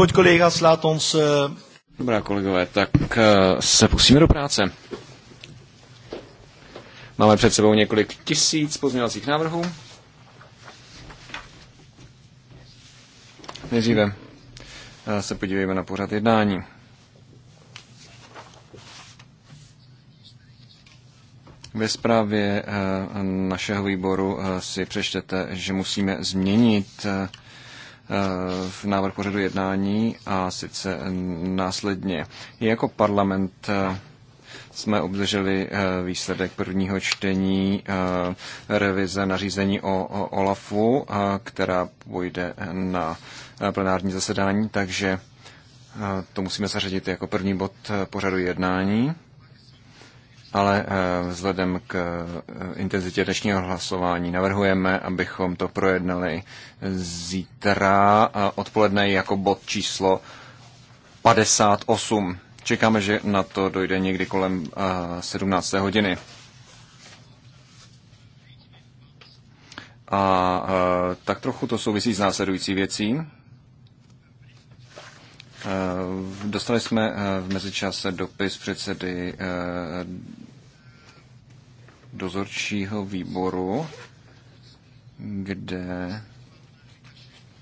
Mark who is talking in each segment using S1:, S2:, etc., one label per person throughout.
S1: pojď kolega Slátons. Eh, Dobrá, kolegové, tak eh, se pustíme do práce. Máme před sebou několik tisíc pozměňovacích návrhů. Nejdříve eh, se podívejme na pořad jednání. Ve zprávě našeho výboru si přečtete, že musíme změnit v návrh pořadu jednání a sice následně. Jako parlament eh, jsme obdrželi eh, výsledek prvního čtení eh, revize nařízení o OLAFu, která půjde na plenární zasedání, takže to musíme zařadit jako první bod pořadu jednání ale eh, vzhledem k eh, intenzitě dnešního hlasování navrhujeme, abychom to projednali zítra eh, odpoledne jako bod číslo 58. Čekáme, že na to dojde někdy kolem 17. hodiny. A tak trochu to souvisí s následující věcí. Dostali jsme v mezičase dopis předsedy dozorčího výboru, kde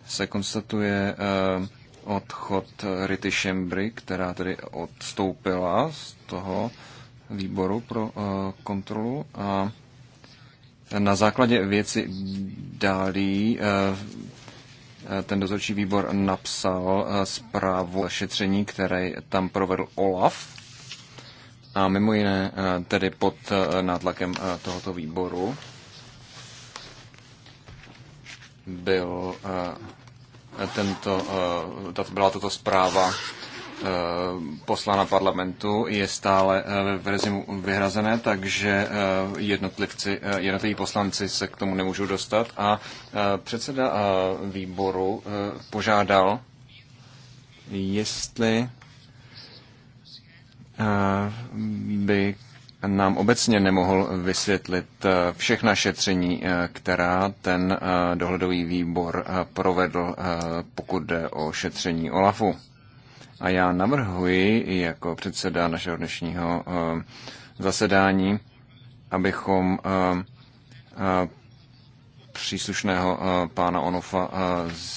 S1: se konstatuje eh, odchod Rity Šembry, která tedy odstoupila z toho výboru pro eh, kontrolu a na základě věci dálí eh, ten dozorčí výbor napsal zprávu šetření, které tam provedl OLAF a mimo jiné eh, tedy pod eh, nátlakem eh, tohoto výboru byl tento, tato, byla tato zpráva poslána parlamentu, je stále ve verzi vyhrazené, takže jednotlivci, jednotliví poslanci se k tomu nemůžou dostat a předseda výboru požádal, jestli by nám obecně nemohl vysvětlit eh, všechna šetření, eh, která ten eh, dohledový výbor provedl, pokud jde o šetření OLAFu. A já navrhuji jako předseda našeho dnešního zasedání, abychom příslušného pána Onofa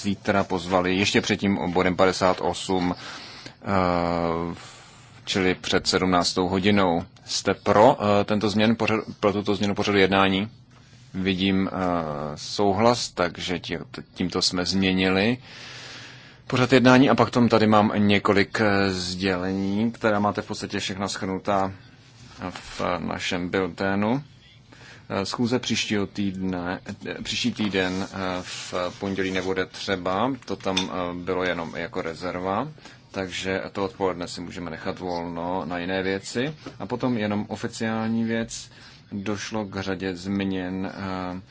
S1: zítra pozvali ještě předtím bodem 58 čili před 17. hodinou. Jste pro, eh, tento změn pořadu, pro tuto změnu pořadu jednání? Vidím eh, souhlas, takže tímto jsme změnili pořad jednání a pak tom tady mám několik eh, sdělení, která máte v podstatě všechna schrnutá v našem bilténu. Schůze příštího týdne, příští týden v pondělí nebude třeba, to tam bylo jenom jako rezerva takže to odpoledne si můžeme nechat volno na jiné věci. A potom jenom oficiální věc, došlo k řadě změn eh,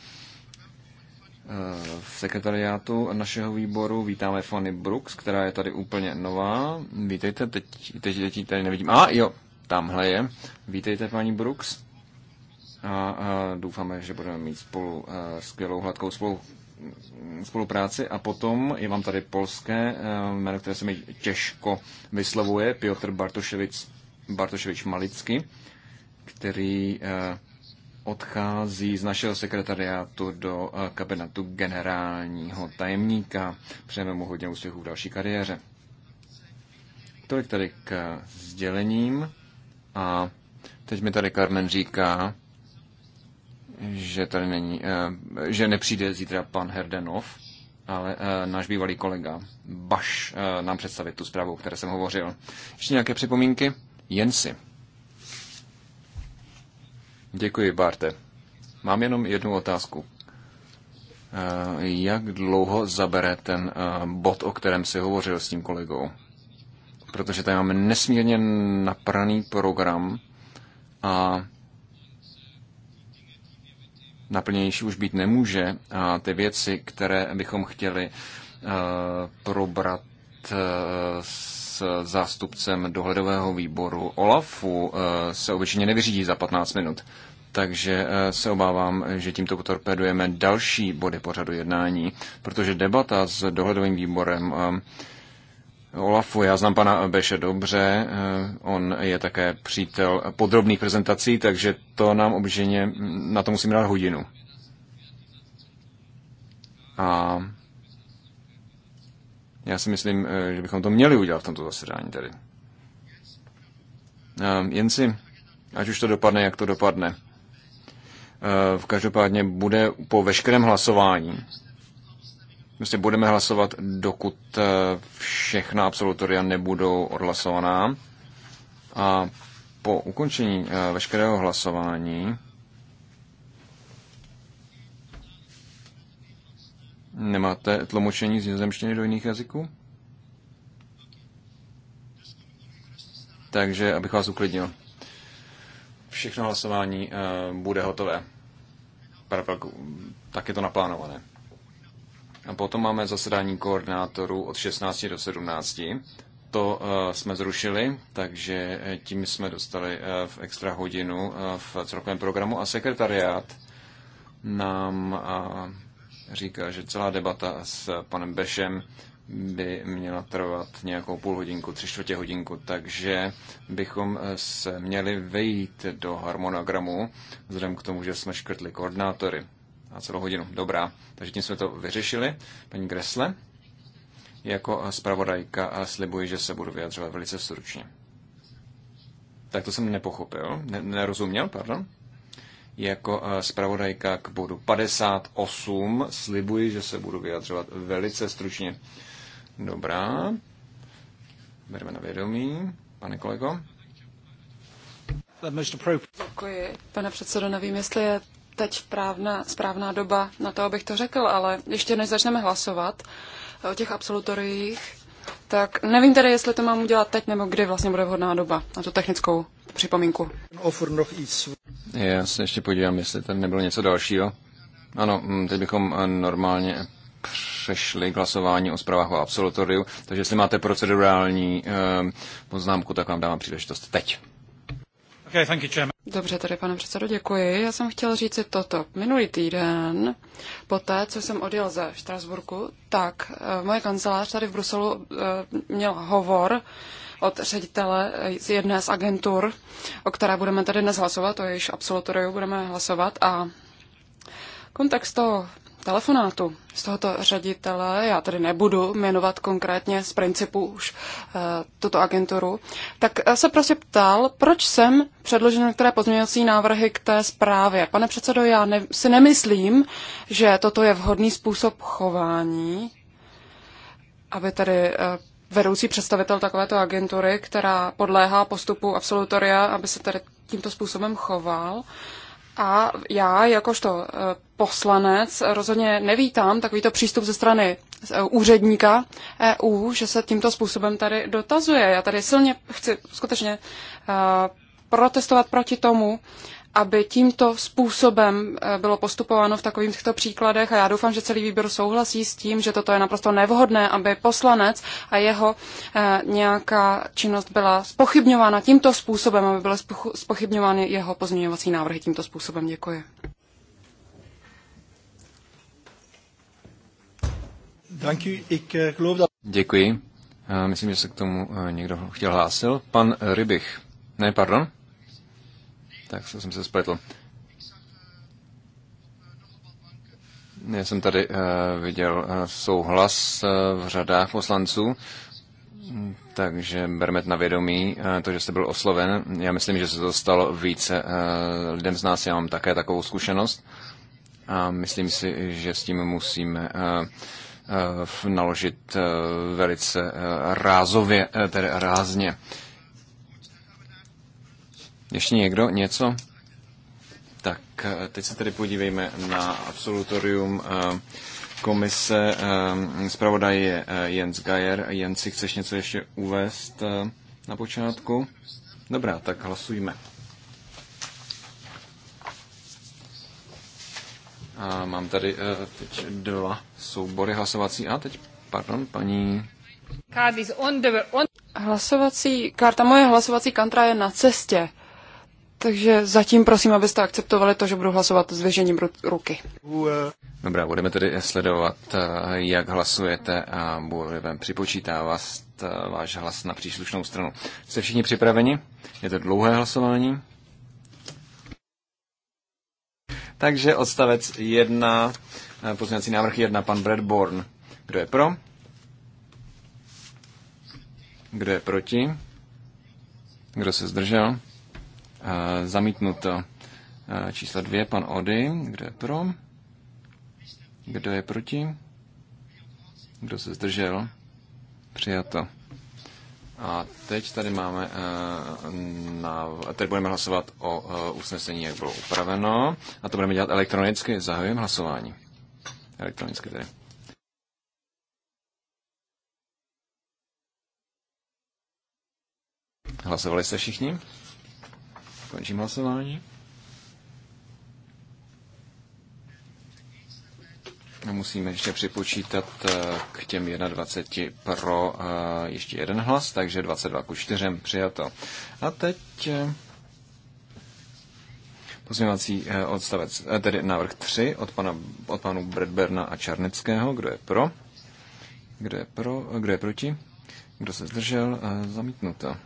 S1: eh, v sekretariátu našeho výboru. Vítáme Fanny Brooks, která je tady úplně nová. Vítejte, teď, teď děti tady nevidím. A ah, jo, tamhle je. Vítejte, paní Brooks. A, a doufáme, že budeme mít spolu eh, skvělou hladkou spolu spolupráci. A potom je vám tady polské eh, jméno, které se mi těžko vyslovuje, Piotr Bartoševič, Bartoševič Malicky, který eh, odchází z našeho sekretariátu do eh, kabinetu generálního tajemníka. Přejeme mu hodně úspěchů v další kariéře. Tolik tady k sdělením. A teď mi tady Carmen říká, že tady není, eh, že nepřijde zítra pan Herdenov, ale eh, náš bývalý kolega Baš eh, nám představit tu zprávu, o které jsem hovořil. Ještě nějaké připomínky? Jen si. Děkuji, Barte. Mám jenom jednu otázku. Jak dlouho zabere ten bod, o kterém si hovořil s tím kolegou? Protože tady máme nesmírně napraný program a naplnější už být nemůže a ty věci, které bychom chtěli eh, probrat eh, s zástupcem dohledového výboru OLAFu, eh, se obyčejně nevyřídí za 15 minut. Takže se obávám, že tímto torpedujeme další body pořadu jednání, protože debata s dohledovým výborem Olafu. Já znám pana Beše dobře, eh, on je také přítel podrobných prezentací, takže to nám obyčejně, hm, na to musíme dát hodinu. A já si myslím, eh, že bychom to měli udělat v tomto zasedání tady. Eh, Jen si, ať už to dopadne, jak to dopadne. V každopádně bude po veškerém hlasování Prostě budeme hlasovat, dokud eh, všechna absolutoria nebudou odhlasovaná. A po ukončení eh, veškerého hlasování Nemáte tlumočení z nizozemštiny do jiných jazyků? Takže, abych vás uklidnil, všechno hlasování eh, bude hotové. tak je to naplánované. A potom máme zasedání koordinátorů od 16 do 17. To eh, jsme zrušili, takže eh, tím jsme dostali eh, v extra hodinu v celkovém programu a sekretariát nám říká, že celá debata s panem Bešem by měla trvat nějakou půl hodinku, tři čtvrtě hodinku, takže bychom se měli vejít do harmonogramu, vzhledem k tomu, že jsme škrtli koordinátory na celou hodinu. Dobrá, takže tím jsme to vyřešili. Paní Gresle, jako zpravodajka slibuji, že se budu vyjadřovat velice stručně. Tak to jsem nepochopil, ne- nerozuměl, pardon. Jako eh, zpravodajka k bodu 58 slibuji, že se budu vyjadřovat velice stručně. Dobrá, bereme na vědomí. Pane kolego?
S2: Děkuji, pane předsedo, nevím, jestli je teď správná, správná doba na to, abych to řekl, ale ještě než začneme hlasovat o těch absolutoriích, tak nevím tedy, jestli to mám udělat teď, nebo kdy vlastně bude vhodná doba na tu technickou připomínku.
S1: Já se ještě podívám, jestli tam nebylo něco dalšího. Ano, mm, teď bychom eh, normálně přešli k hlasování o zprávách o absolutoriu, takže jestli máte procedurální eh, poznámku, tak vám dávám příležitost teď.
S2: Okay, thank you, Dobře, tady pane předsedo, děkuji. Já jsem chtěl říct si toto. Minulý týden, po té, co jsem odjel ze Štrasburku, tak eh, moje kancelář tady v Bruselu eh, měl hovor od ředitele eh, z jedné z agentur, o které budeme tady dnes hlasovat, o jejíž absolutoriu budeme hlasovat a kontext toho telefonátu z tohoto ředitele, já tady nebudu jmenovat konkrétně z principu už uh, tuto agenturu, tak eh, se prostě ptal, proč jsem předložil některé pozměňovací návrhy k té zprávě. Pane předsedo, já ne, si nemyslím, že toto je vhodný způsob chování, aby tady uh, eh, vedoucí představitel takovéto agentury, která podléhá postupu absolutoria, aby se tady tímto způsobem choval. A já, jakožto poslanec rozhodně nevítám takovýto přístup ze strany eh, úředníka EU, že se tímto způsobem tady dotazuje. Já tady silně chci skutečně eh, protestovat proti tomu, aby tímto způsobem eh, bylo postupováno v takovýchto příkladech a já doufám, že celý výbor souhlasí s tím, že toto je naprosto nevhodné, aby poslanec a jeho nějaká činnost byla spochybňována tímto způsobem, aby byly spochybňovány jeho pozměňovací návrhy tímto způsobem. Děkuji.
S3: Eh,
S1: Děkuji. Eh, myslím, že se k tomu eh, někdo chtěl hlásil. Pan Rybich. Ne, pardon. Tak jsem se spletl. Já jsem tady viděl souhlas v řadách poslanců, takže berme na vědomí to, že jste byl osloven. Já myslím, že se to stalo více lidem z nás. Já mám také takovou zkušenost a myslím si, že s tím musíme Eh, naložit eh, velice eh, rázově, tedy rázně. Ještě někdo něco? Tak teď se tedy podívejme na absolutorium komise. Zpravodaj je Jens Geier. Jens, si chceš něco ještě uvést na počátku? Dobrá, tak hlasujme. A mám tady eh, teď dva soubory hlasovací. A teď, pardon, paní...
S2: Hlasovací karta, moje hlasovací kantra je na cestě. Takže zatím prosím, abyste akceptovali to, že budu hlasovat s věžením ruky.
S1: Dobrá, budeme tedy sledovat, eh, jak hlasujete a budeme připočítávat eh, váš hlas na příslušnou stranu. Jste všichni připraveni? Je to dlouhé hlasování? Takže odstavec 1, eh, pozměňovací návrh 1, pan Bradborn. Kdo je pro? Kdo je proti? Kdo se zdržel? Eh, zamítnuto. Eh, číslo 2, pan Ody. Kdo je pro? Kdo je proti? Kdo se zdržel? Přijato. A teď tady máme, eh, na, teď budeme hlasovat o eh, usnesení, jak bylo upraveno. A to budeme dělat elektronicky. Zahajujeme hlasování. Elektronicky tedy. Hlasovali jste všichni? Končím hlasování. Musíme ještě připočítat eh, k těm 21 pro eh, ještě jeden hlas, takže 22 ku 4 přijato. A teď eh, pozměvací odstavec, tedy návrh 3 od, pana, od panu Bredberna a Čarnického. Kdo je pro? Kdo je, pro, kdo je proti? Kdo se zdržel? Zamítnuto.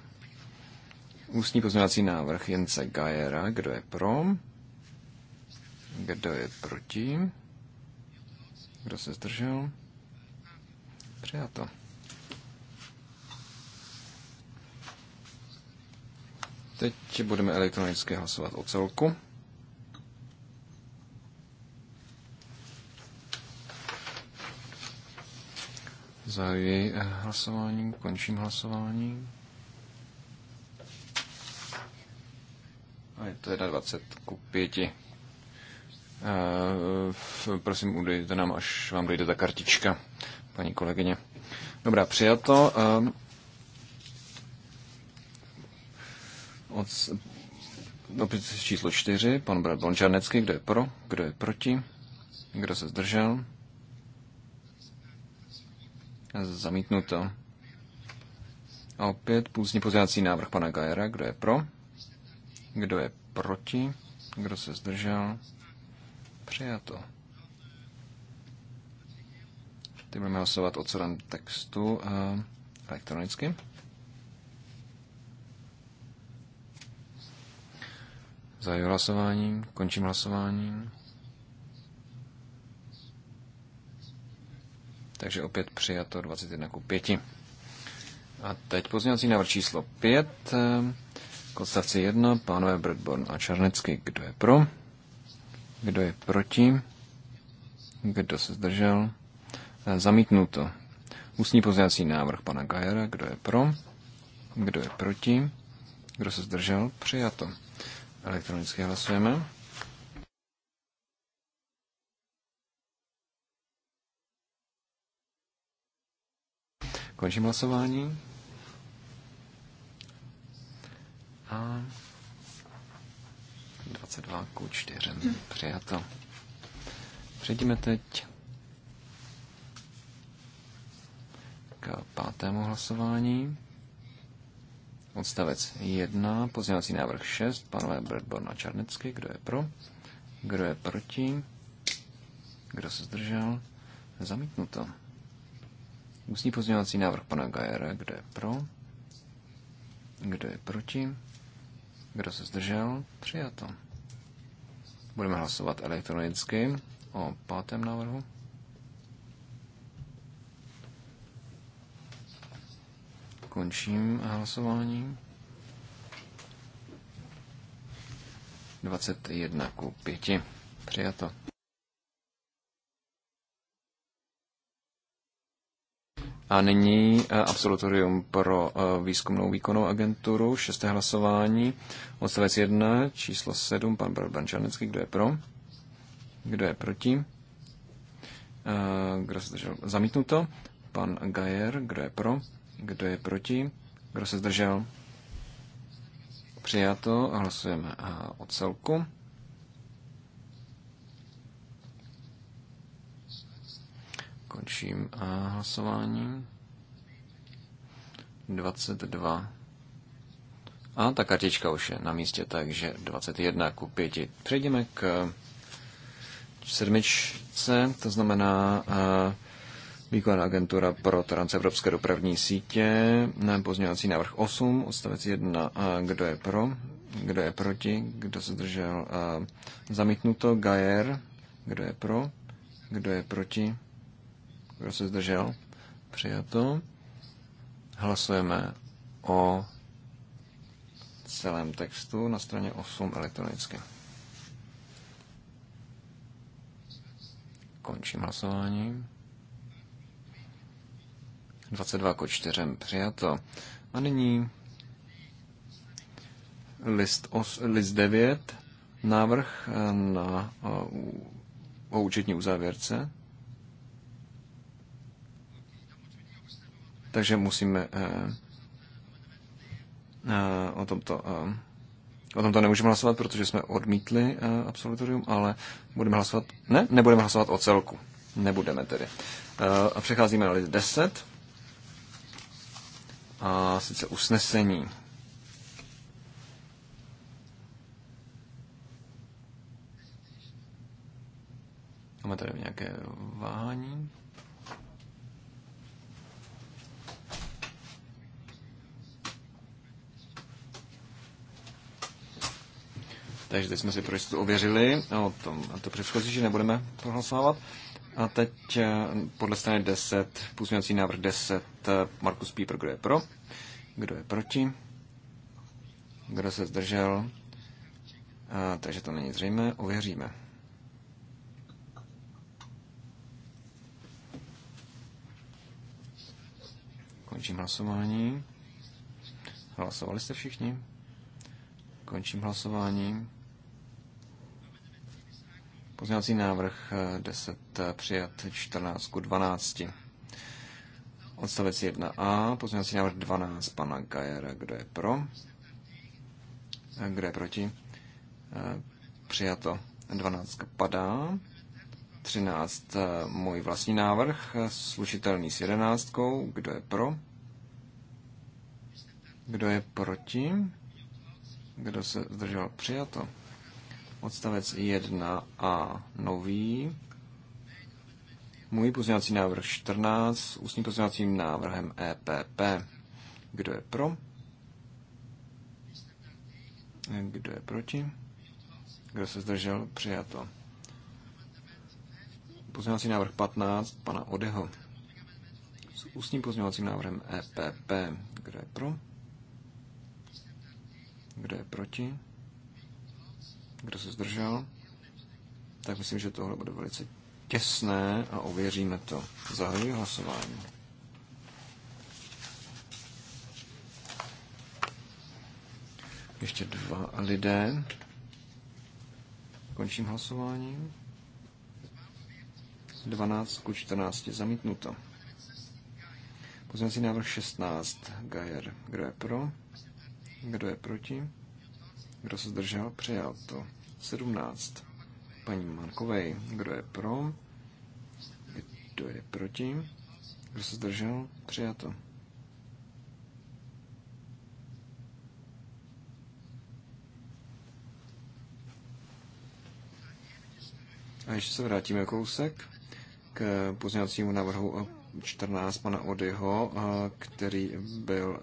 S1: Ústní pozměvací návrh Jence Gajera. Kdo je pro? Kdo je proti? Kdo se zdržel? Přijato. Teď budeme elektronicky hlasovat o celku. Zahajuji eh, hlasování, končím hlasování. A je to 21 ku 5. Eh, eh, prosím, udejte nám, až vám dojde ta kartička, paní kolegyně. Dobrá, přijato. Eh, od, opět číslo čtyři, pan brat Bončarnecký, kdo je pro, kdo je proti, kdo se zdržel. Zamítnuto. A opět půzní pozvědací návrh pana Gajera, kdo je pro, kdo je proti, kdo se zdržel. Přijato. Teď budeme hlasovat o celém textu uh, elektronicky. Zahajuji hlasováním, končím hlasováním. Takže opět přijato 21 ku 5. A teď pozměňovací návrh číslo 5, eh, k odstavci 1, pánové Bradborn a Čarnecky, kdo je pro? Kdo je proti? Kdo se zdržel? E, zamítnuto. Ústní pozněcí návrh pana Gajera. Kdo je pro? Kdo je proti? Kdo se zdržel? Přijato. Elektronicky hlasujeme. Končím hlasování. A 22 k 4. Přijato. Přejdeme teď k pátému hlasování. Odstavec 1, pozměňovací návrh 6, panové Bradborn a Čarnecky, kdo je pro, kdo je proti, kdo se zdržel, zamítnuto. Ústní pozměňovací návrh pana Gajera, kdo je pro, kdo je proti, kdo se zdržel? Přijato. Budeme hlasovat elektronicky o pátém návrhu. Končím hlasování. 21 ku 5. Přijato. A nyní eh, absolutorium pro eh, výzkumnou výkonnou agenturu, šesté hlasování, odstavec 1, číslo 7, pan Brančanecký, kdo je pro? Kdo je proti? Eh, kdo se zdržel? Zamítnuto. Pan Gajer, kdo je pro? Kdo je proti? Kdo se zdržel? Přijato. Hlasujeme o celku. Končím a eh, hlasováním. 22. A ta kartička už je na místě, takže 21 ku 5. Přejdeme k eh, sedmičce, to znamená eh, výkon agentura pro transevropské dopravní sítě, pozměňovací návrh 8, odstavec 1, kdo je pro, kdo je proti, kdo se držel zamítnuto, Gajer, kdo je pro, kdo je proti, kdo se zdržel? Přijato. Hlasujeme o celém textu na straně 8 elektronicky. Končím hlasování. 22 ko 4 přijato. A nyní list, os, list 9, návrh eh, na, o, eh, o účetní uzávěrce. Takže musíme eh, eh, o tomto eh, O tomto nemůžeme hlasovat, protože jsme odmítli uh, absolutorium, ale budeme hlasovat, ne, nebudeme hlasovat o celku. Nebudeme tedy. Uh, přecházíme na list 10. A sice usnesení. Máme tady nějaké váhání. Takže teď jsme si pro jistotu ověřili o no, tom, a to předchozí, že nebudeme prohlasovat. A teď eh, podle strany 10, působňovací návrh 10, eh, Markus Píper, kdo je pro, kdo je proti, kdo se zdržel, a, eh, takže to není zřejmé, ověříme. Končím hlasování. Hlasovali jste všichni? Končím hlasování. Pozměňovací návrh 10 eh, eh, přijat 14 ku 12. Odstavec 1a, pozměňovací návrh 12 pana Gajera, kdo je pro? Kdo je proti? Přijato 12 padá. 13 můj vlastní návrh, slušitelný s 11, kdo je pro? Kdo je proti? Kdo se zdržel? Přijato. Odstavec 1a nový. Můj pozměňovací návrh 14 s ústním pozměňovacím návrhem EPP. Kdo je pro? Kdo je proti? Kdo se zdržel? Přijato. Pozměňovací návrh 15 pana Odeho s ústním pozměňovacím návrhem EPP. Kdo je pro? Kdo je proti? Kdo se zdržel? Tak myslím, že tohle bude velice těsné a ověříme to. Zahajuji hlasování. Ještě dva lidé. Končím hlasování. 12 ku 14 zamítnuto. Pozměňovací návrh 16. Gajer. Kdo je pro? Kdo je proti? Kdo se zdržel? Přijal to. 17. Paní Markovej. Kdo je pro? Kdo je proti? Kdo se zdržel? Přijato. A ještě se vrátíme kousek k pozměňovacímu návrhu 14 pana Odyho, který byl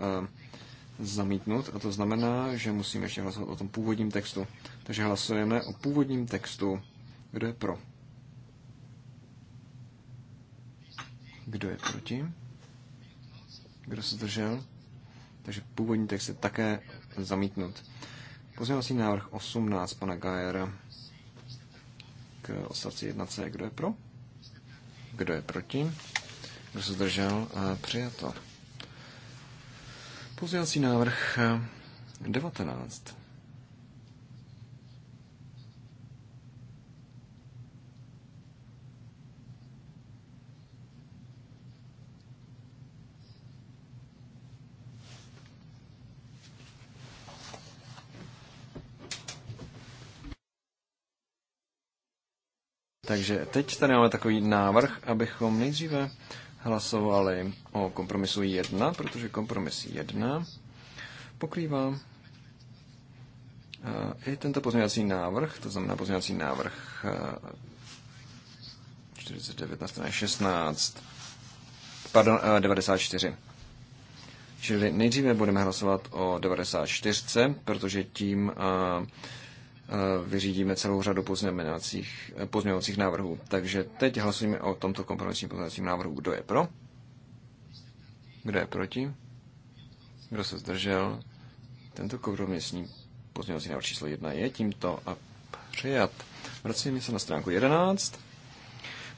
S1: zamítnut a to znamená, že musíme ještě hlasovat o tom původním textu. Takže hlasujeme o původním textu. Kdo je pro? Kdo je proti? Kdo se zdržel? Takže původní text je také zamítnut. Pozměňovací návrh 18 pana Gajera k odstavci 1c. Kdo je pro? Kdo je proti? Kdo se zdržel? Eh, přijato. Pozdělací návrh 19. Eh, Takže teď tady máme takový návrh, abychom nejdříve hlasovali o kompromisu 1, protože kompromis 1 pokrývá eh, i tento pozměňovací návrh, to znamená pozměňovací návrh 49 eh, na straně 16, pardon, 94. Eh, Čili nejdříve budeme hlasovat o 94, protože tím uh, vyřídíme celou řadu pozměňovacích, pozměňovacích návrhů. Takže teď hlasujeme o tomto kompromisním pozměňovacím návrhu. Kdo je pro? Kdo je proti? Kdo se zdržel? Tento kompromisní pozměňovací návrh číslo 1 je tímto a přijat. Vracíme se na stránku 11.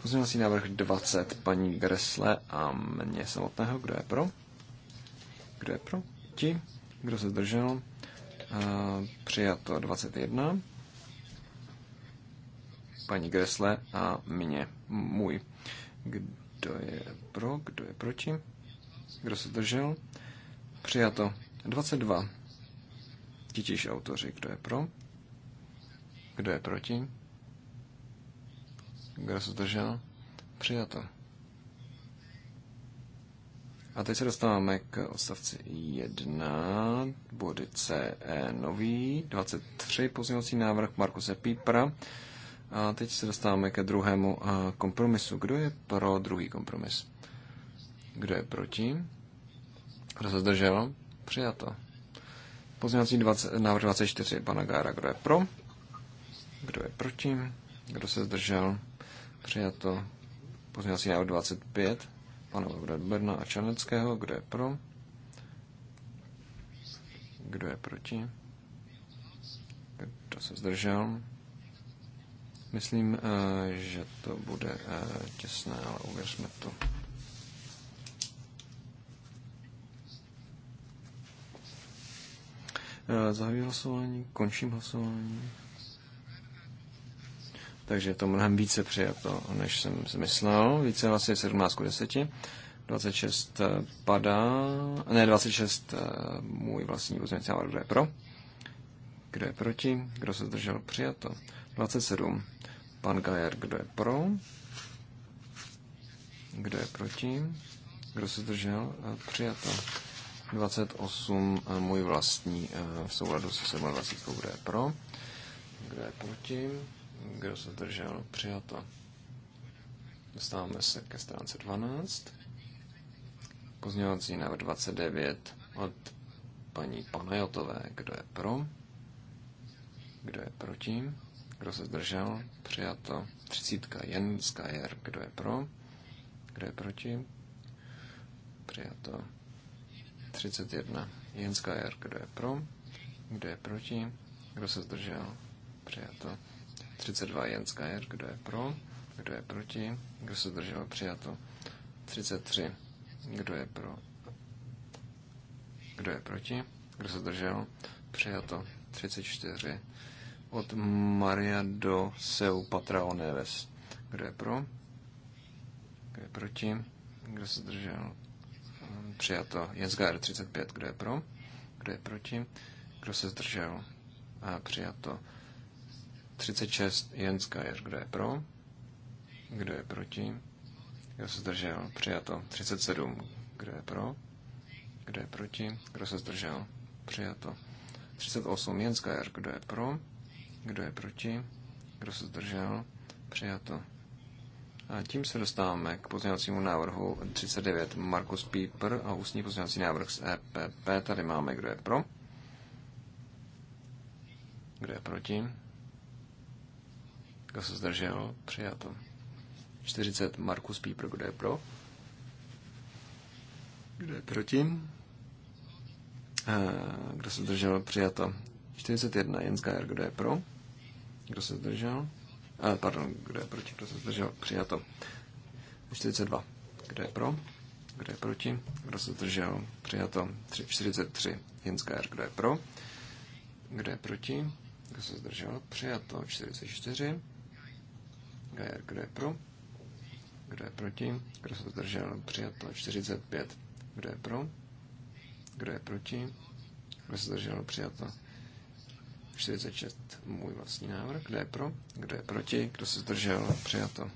S1: Pozměňovací návrh 20 paní Gresle a mě samotného. Kdo je pro? Kdo je proti? Kdo se zdržel? Eh, přijato 21, paní Gresle a mě, můj. Kdo je pro, kdo je proti, kdo se držel, přijato 22, titíž autoři, kdo je pro, kdo je proti, kdo se držel, přijato. A teď se dostáváme k odstavci 1, body CE nový, 23 pozměňovací návrh Markuse Pípra. A teď se dostáváme ke druhému kompromisu. Kdo je pro druhý kompromis? Kdo je proti? Kdo se zdržel? Přijato. Pozměňovací 20, návrh 24 pana Gára. Kdo je pro? Kdo je proti? Kdo se zdržel? Přijato. Pozměňovací návrh 25 pana Berna a Černeckého. Kdo je pro? Kdo je proti? Kdo se zdržel? Myslím, eh, že to bude eh, těsné, ale uvěřme to. Eh, zahajuji hlasování, končím hlasování. Takže je to mnohem více přijato, než jsem myslel. Více hlasy 17 k 10. 26 padá, ne 26 eh, můj vlastní pozměňovací návrh, kdo je pro, kdo je proti, kdo se zdržel, přijato. 27 pan Gajer, kdo je pro, kdo je proti, kdo se zdržel, eh, přijato. 28 eh, můj vlastní v souladu se 27, kdo je pro, kdo je proti, kdo se zdržel? Přijato. Dostáváme se ke stránce 12. Pozměňovací návrh 29 od paní Panajotové. Kdo je pro? Kdo je proti? Kdo se zdržel? Přijato. 30. Jen z Kdo je pro? Kdo je proti? Přijato. 31. Jen z Kdo je pro? Kdo je proti? Kdo se zdržel? Přijato. 32 Jens Geier, kdo je pro, kdo je proti, kdo se zdržel přijato. 33, kdo je pro, kdo je proti, kdo se zdržel přijato. 34 od Maria do Seu Patraoneves, Kdo je pro? Kdo je proti? Kdo se zdržel? Přijato. Jens Geier, 35. Kdo je pro? Kdo je proti? Kdo se zdržel? A přijato. 36 Jens Kajer. Kdo je pro? Kdo je proti? Kdo se zdržel? Přijato. 37. Kdo je pro? Kdo je proti? Kdo se zdržel? Přijato. 38 Jens Kajer. Kdo je pro? Kdo je proti? Kdo se zdržel? Přijato. A tím se dostáváme k pozměňovacímu návrhu 39 Markus Pieper a ústní pozměňovací návrh z EPP. Tady máme, kdo je pro, kdo je proti, Eh, kdo se zdržel? Přijato. 40 Markus Pípr, kdo je pro? Kdo je proti? Kdo se zdržel? Přijato. 41 Jens Geier, kdo je pro? Kdo se zdržel? A, pardon, kdo je proti? Kdo se zdržel? Přijato. 42. Kdo je pro? Kdo je proti? Kdo se zdržel? Přijato. 43. Jens Geier, kdo je pro? Kdo je proti? Kdo se zdržel? Přijato. 44 je, kdo je pro? Kdo je proti? Kdo se zdržel? Přijato 45. Kdo je pro? Kdo je proti? Kdo se zdržel? Přijato 46. Můj vlastní návrh. Kdo je pro? Kdo je proti? Kdo se zdržel? Přijato.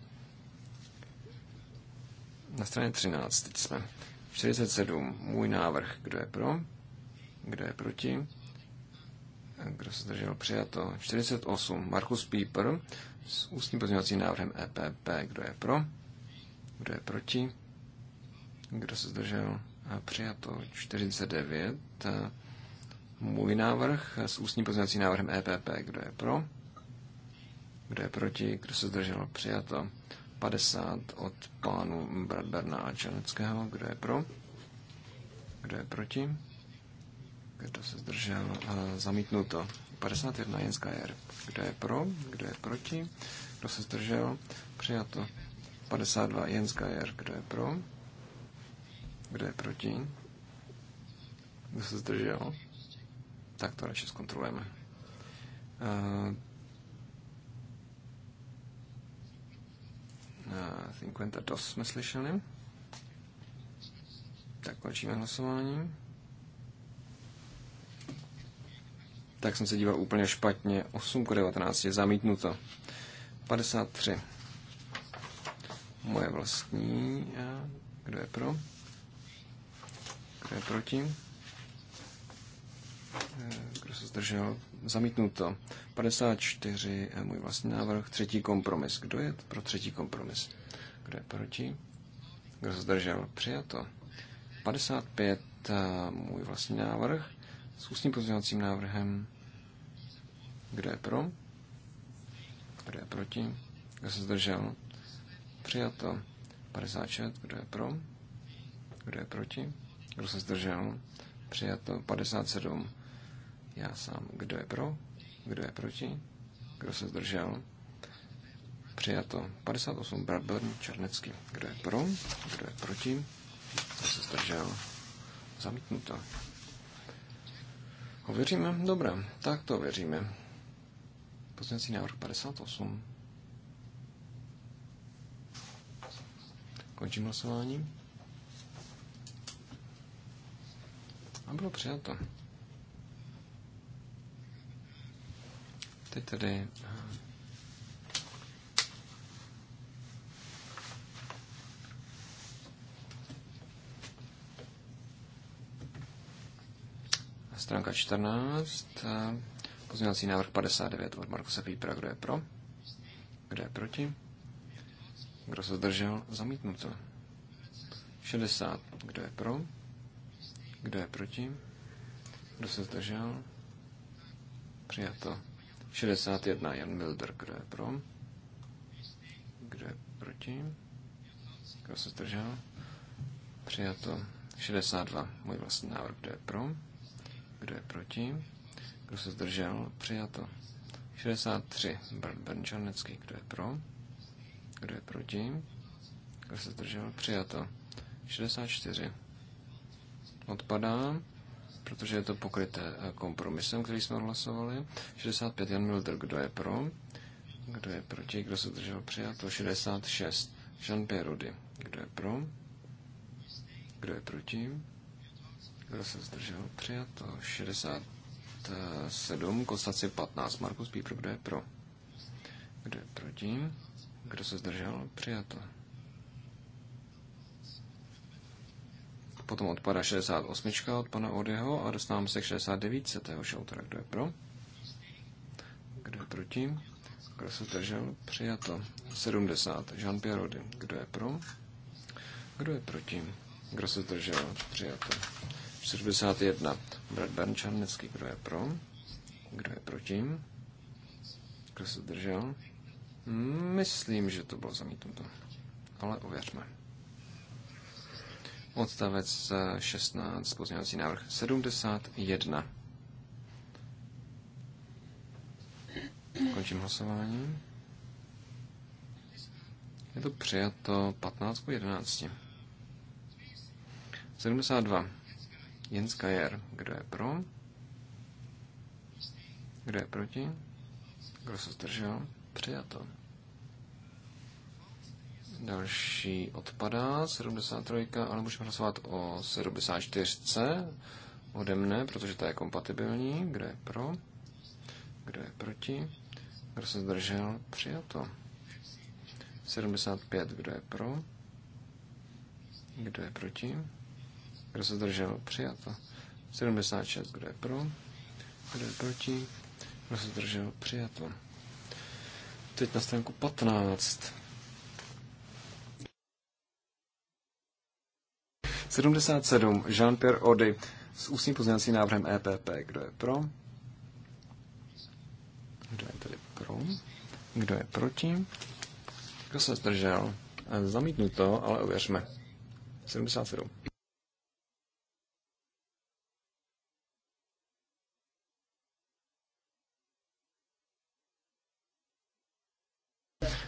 S1: Na straně 13 teď jsme. 47. Můj návrh. Kdo je pro? Kdo je proti? Kdo se zdržel? Přijato. 48. Markus Pieper s ústním pozměňovacím návrhem EPP. E Kdo je pro? Kdo je proti? Kdo se zdržel? Přijato. 49. Můj návrh s ústním pozměňovacím návrhem EPP. Kdo je pro? Kdo je proti? Kdo se zdržel? Přijato. 50 od pánu Bradberna a Čaneckého. Kdo je pro? Kdo je proti? Kdo se zdržel? Eh, zamítnuto. 51 Jenská R. Kdo je pro? Kdo je proti? Kdo se zdržel? Přijato. 52 Jenská R. Kdo je pro? Kdo je proti? Kdo se zdržel? Tak to radši zkontrolujeme. Uh, uh, 52 jsme slyšeli. Tak končíme hlasováním. tak jsem se díval úplně špatně. 8 k 19 je zamítnuto. 53. Moje vlastní. Kdo je pro? Kdo je proti? Eh, kdo se zdržel? Zamítnuto. 54. Eh, můj vlastní návrh. Třetí kompromis. Kdo je pro třetí kompromis? Kdo je proti? Kdo se zdržel? Přijato. 55. Eh, můj vlastní návrh s ústním pozměňovacím návrhem. Kdo je pro? Kdo je proti? Kdo se zdržel? Přijato. 56. Kdo je pro? Kdo je proti? Kdo se zdržel? Přijato. 57. Já sám. Kdo je pro? Kdo je proti? Kdo se zdržel? Přijato. 58. Bradburn Černecký. Kdo je pro? Kdo je proti? Kdo se zdržel? Zamítnuto. Ověříme? Dobré, tak to ověříme. Pozměňovací návrh 58. Končím hlasování. A bylo přijato. Teď tedy eh, Stránka 14. Eh, pozměňovací návrh 59 od Markose Pípra. Kdo je pro? Kdo je proti? Kdo se zdržel? Zamítnuto. 60. Kdo je pro? Kdo je proti? Kdo se zdržel? Přijato. 61. Jan Milder. Kdo je pro? Kdo je proti? Kdo se zdržel? Přijato. 62. Můj vlastní návrh. Kdo je pro? Kdo je proti? Kdo se zdržel? Přijato. 63. Bert Benčanecký. Kdo je pro? Kdo je proti? Kdo se zdržel? Přijato. 64. Odpadá, protože je to pokryté eh, kompromisem, který jsme hlasovali. 65. Jan Milder. Kdo je pro? Kdo je proti? Kdo se zdržel? Přijato. 66. Jean-Pierre Rudy. Kdo je pro? Kdo je proti? Kdo se zdržel? Přijato. 67, konstaci 15. Markus Pípr, kdo je pro? Kdo je proti? Kdo se zdržel? Přijato. Potom odpadá 68 od pana Odeho a dostávám se k 69 se téhož autora. Kdo je pro? Kdo je proti? Kdo se zdržel? Přijato. 70. Jean-Pierre Rody. Kdo je pro? Kdo je proti? Kdo se zdržel? Přijato. 71. Brat Čarnecký, kdo je pro? Kdo je proti? Kdo se držel? Myslím, že to bylo zamítnuto. Ale uvěřme. Odstavec 16, eh, pozměňovací návrh 71. Končím hlasování. Je to přijato 15 k 11. 72. Jenska Jer. kdo je pro? Kdo je proti? Kdo se zdržel? Přijato. Další odpadá, 73, ale můžeme hlasovat o 74 ode mne, protože ta je kompatibilní. Kdo je pro? Kdo je proti? Kdo se zdržel? Přijato. 75, kdo je pro? Kdo je proti? Kdo se zdržel? Přijato. 76. Kdo je pro? Kdo je proti? Kdo se zdržel? Přijato. Teď na stránku 15. 77. Jean-Pierre Ody s ústním pozměňovacím návrhem EPP. Kdo je pro? Kdo je tedy pro? Kdo je proti? Kdo se zdržel? Zamítnu to, ale uvěřme. 77.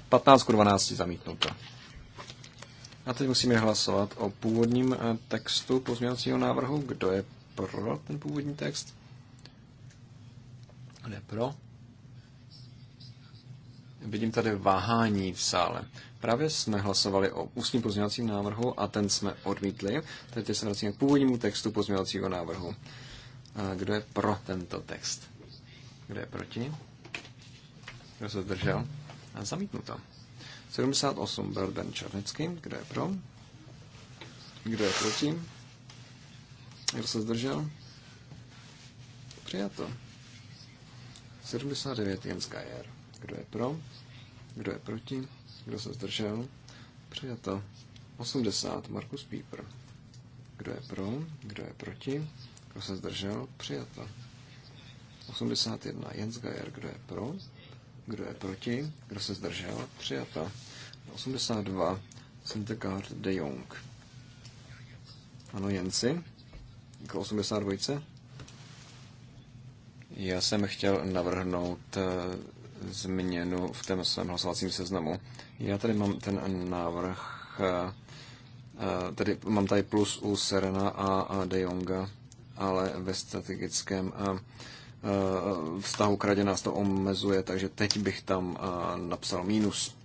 S1: 15 k 12 zamítnuto. A teď musíme hlasovat o původním eh, textu pozměňovacího návrhu. Kdo je pro ten původní text? Kdo je pro? Vidím tady váhání v sále. Právě jsme hlasovali o ústním pozměňovacím návrhu a ten jsme odmítli. Teď se vracíme k původnímu textu pozměňovacího návrhu. Eh, kdo je pro tento text? Kdo je proti? Kdo se zdržel? Hmm zamítnuta. 78 byl Ben Černický. Kdo je pro? Kdo je proti? Kdo se zdržel? Přijato. 79 Jens Geier. Kdo je pro? Kdo je proti? Kdo se zdržel? Přijato. 80 Markus Pieper. Kdo je pro? Kdo je proti? Kdo se zdržel? Přijato. 81 Jens Geier. Kdo je pro? Kdo je proti? Kdo se zdržel? Přijata. 82. Sintekár de Jong. Ano, Jenci. K 82. Já jsem chtěl navrhnout eh, změnu v tom svém hlasovacím seznamu. Já tady mám ten návrh, eh, eh, tedy mám tady plus u Serena a De Jonga, ale ve strategickém Eh, vztahu k radě nás to omezuje, takže teď bych tam eh, napsal mínus.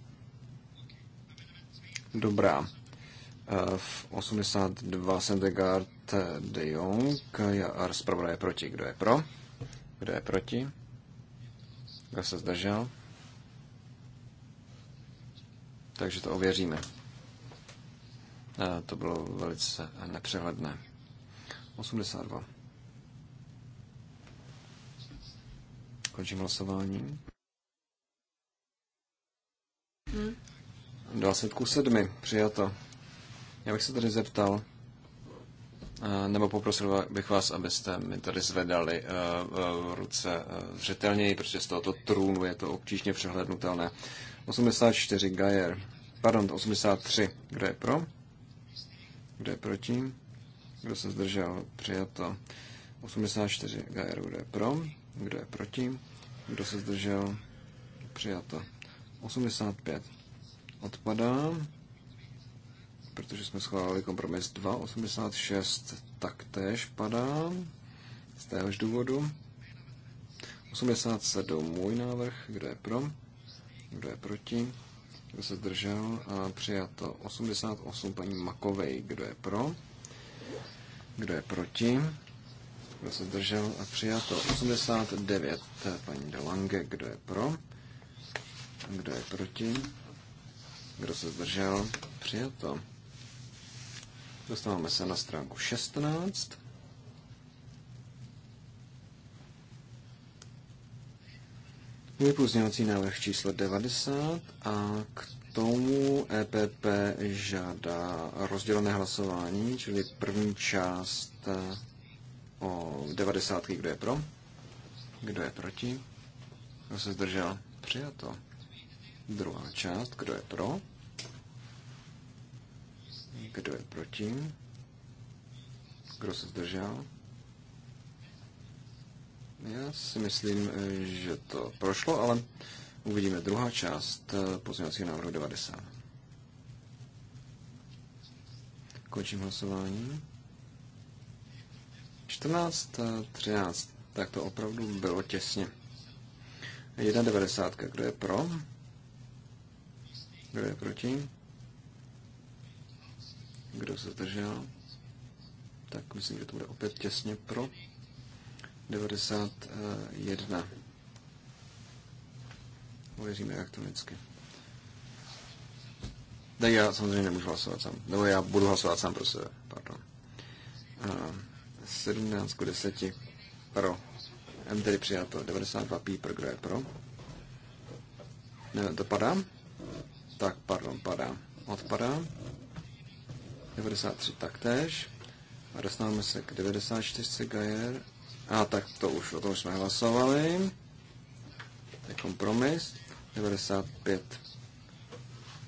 S1: Dobrá. Eh, v 82 Sendegard de Jong, JR zpravodaj proti. Kdo je pro? Kdo je proti? Kdo se zdržel? Takže to ověříme. To bylo velice nepřehledné. 82. skončím hlasování. Hmm. 20 ku 7. Přijato. Já bych se tady zeptal, eh, nebo poprosil bych vás, abyste mi tady zvedali eh, ruce eh, zřetelněji, protože z tohoto trůnu je to obtížně přehlednutelné. 84 Gajer, pardon, 83. Kdo je pro? Kdo je proti? Kdo se zdržel? Přijato. 84 Gajer, kdo je pro? Kdo je proti? Kdo se zdržel? Přijato. 85 odpadá, protože jsme schválili kompromis 2. 86 taktéž padá z téhož důvodu. 87 můj návrh, kdo je pro, kdo je proti, kdo se zdržel a přijato 88 paní Makovej, kdo je pro, kdo je proti, kdo se zdržel a přijato 89, paní Lange, kdo je pro, kdo je proti, kdo se zdržel, přijato. Dostáváme se na stránku 16. Můj pozměňovací návrh číslo 90 a k tomu EPP žádá rozdělené hlasování, čili první část o 90. Kdo je pro? Kdo je proti? Kdo se zdržel? Přijato. Druhá část. Kdo je pro? Kdo je proti? Kdo se zdržel? Já si myslím, že to prošlo, ale uvidíme druhá část eh, pozměňovacího návrhu 90. Končím hlasování. 14, 13. Tak to opravdu bylo těsně. 1,90. Kdo je pro? Kdo je proti? Kdo se zdržel? Tak myslím, že to bude opět těsně pro. 91. Uvěříme vždycky. Tak já samozřejmě nemůžu hlasovat sám. Nebo já budu hlasovat sám pro sebe. Pardon. Uh. 17 k 10 pro. M tedy přijato 92 pí pro, kdo je pro. Ne, to padá? Tak, pardon, padá. Odpadá. 93 taktéž. A dostáváme se k 94 Gajer. A tak to už, o tom jsme hlasovali. To je kompromis. 95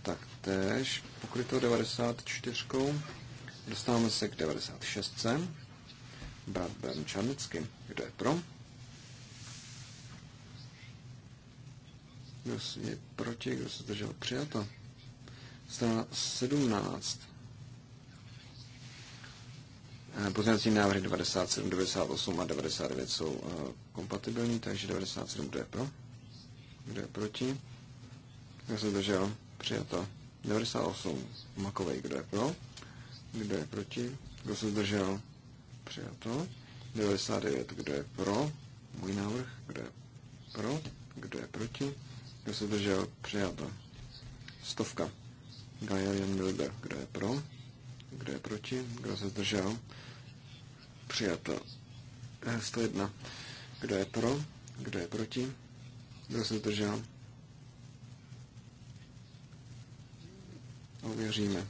S1: taktéž pokryto 94. Dostáváme se k 96. Bradem Čarnickým. Eh, eh, kdo je pro? Kdo je proti? Kdo se zdržel? Přijato. Strana 17. Pozměňovací návrhy 97, 98 a 99 jsou kompatibilní, takže 97 kdo je pro? Kdo je proti? Kdo se zdržel? Přijato. 98 Makovej, kdo je pro? Kdo je proti? Kdo se zdržel? Přijato. 99. Kdo je pro? Můj návrh. Kdo je pro? Kdo je proti? Kdo se držel? Přijato. Stovka. Gajarian Milber. Kdo je pro? Kdo je proti? Kdo se zdržel? Přijato. 101. Eh, kdo je pro? Kdo je proti? Kdo se zdržel? Ověříme.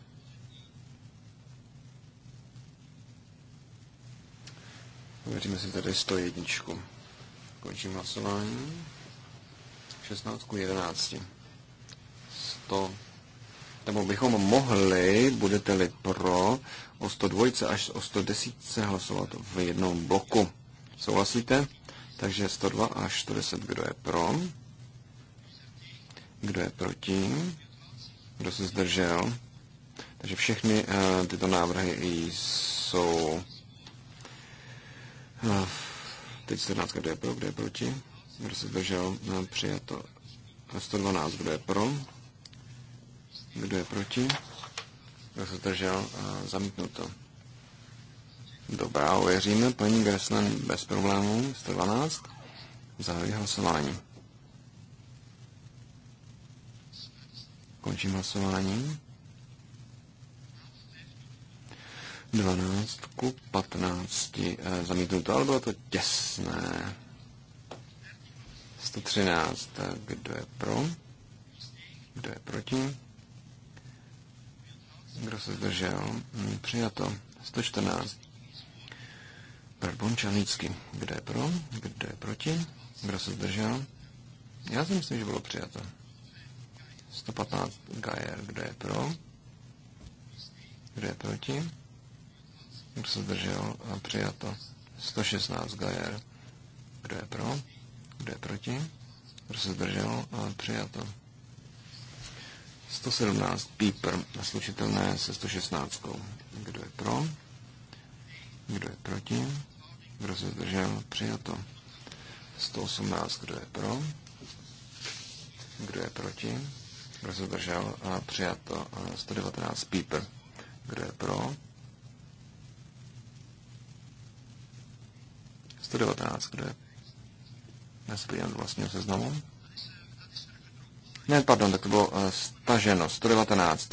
S1: Věříme si tady 101. Končím hlasování. 16 k 11. 100. Nebo bychom mohli, budete-li pro, o 102 až o 110 hlasovat v jednom bloku. Souhlasíte? Takže 102 až 110, kdo je pro? Kdo je proti? Kdo se zdržel? Takže všechny uh, tyto návrhy jsou No. Teď 14, kdo je pro, kdo je proti? Kdo se zdržel? No, přijato. 112, kdo je pro? Kdo je proti? Kdo se zdržel? Zamítnuto. Dobrá, uvěříme Paní Greslen bez problémů. 112. Zahajuji hlasování. Končím hlasování. 12 ku 15 zamítnuto, ale bylo to těsné. 113, tak kdo je pro? Kdo je proti? Kdo se zdržel? Hm, přijato. 114. Pardon, Čalícky. Kdo je pro? Kdo je proti? Kdo se zdržel? Já si myslím, že bylo přijato. 115 Gajer, kdo je pro? Kdo je proti? Kdo se zdržel? A přijato. 116 Gajer. Kdo je pro? Kdo je proti? Kdo se zdržel? A přijato. 117 Píper, slučitelné se 116. Kdo je pro? Kdo je proti? Kdo se zdržel? Přijato. 118. Kdo je pro? Kdo je proti? Kdo se zdržel? A přijato. 119 Píper. Kdo je pro? 119, kde je? Já se podívám do vlastního seznamu. Ne, pardon, tak to bylo uh, staženo, 119.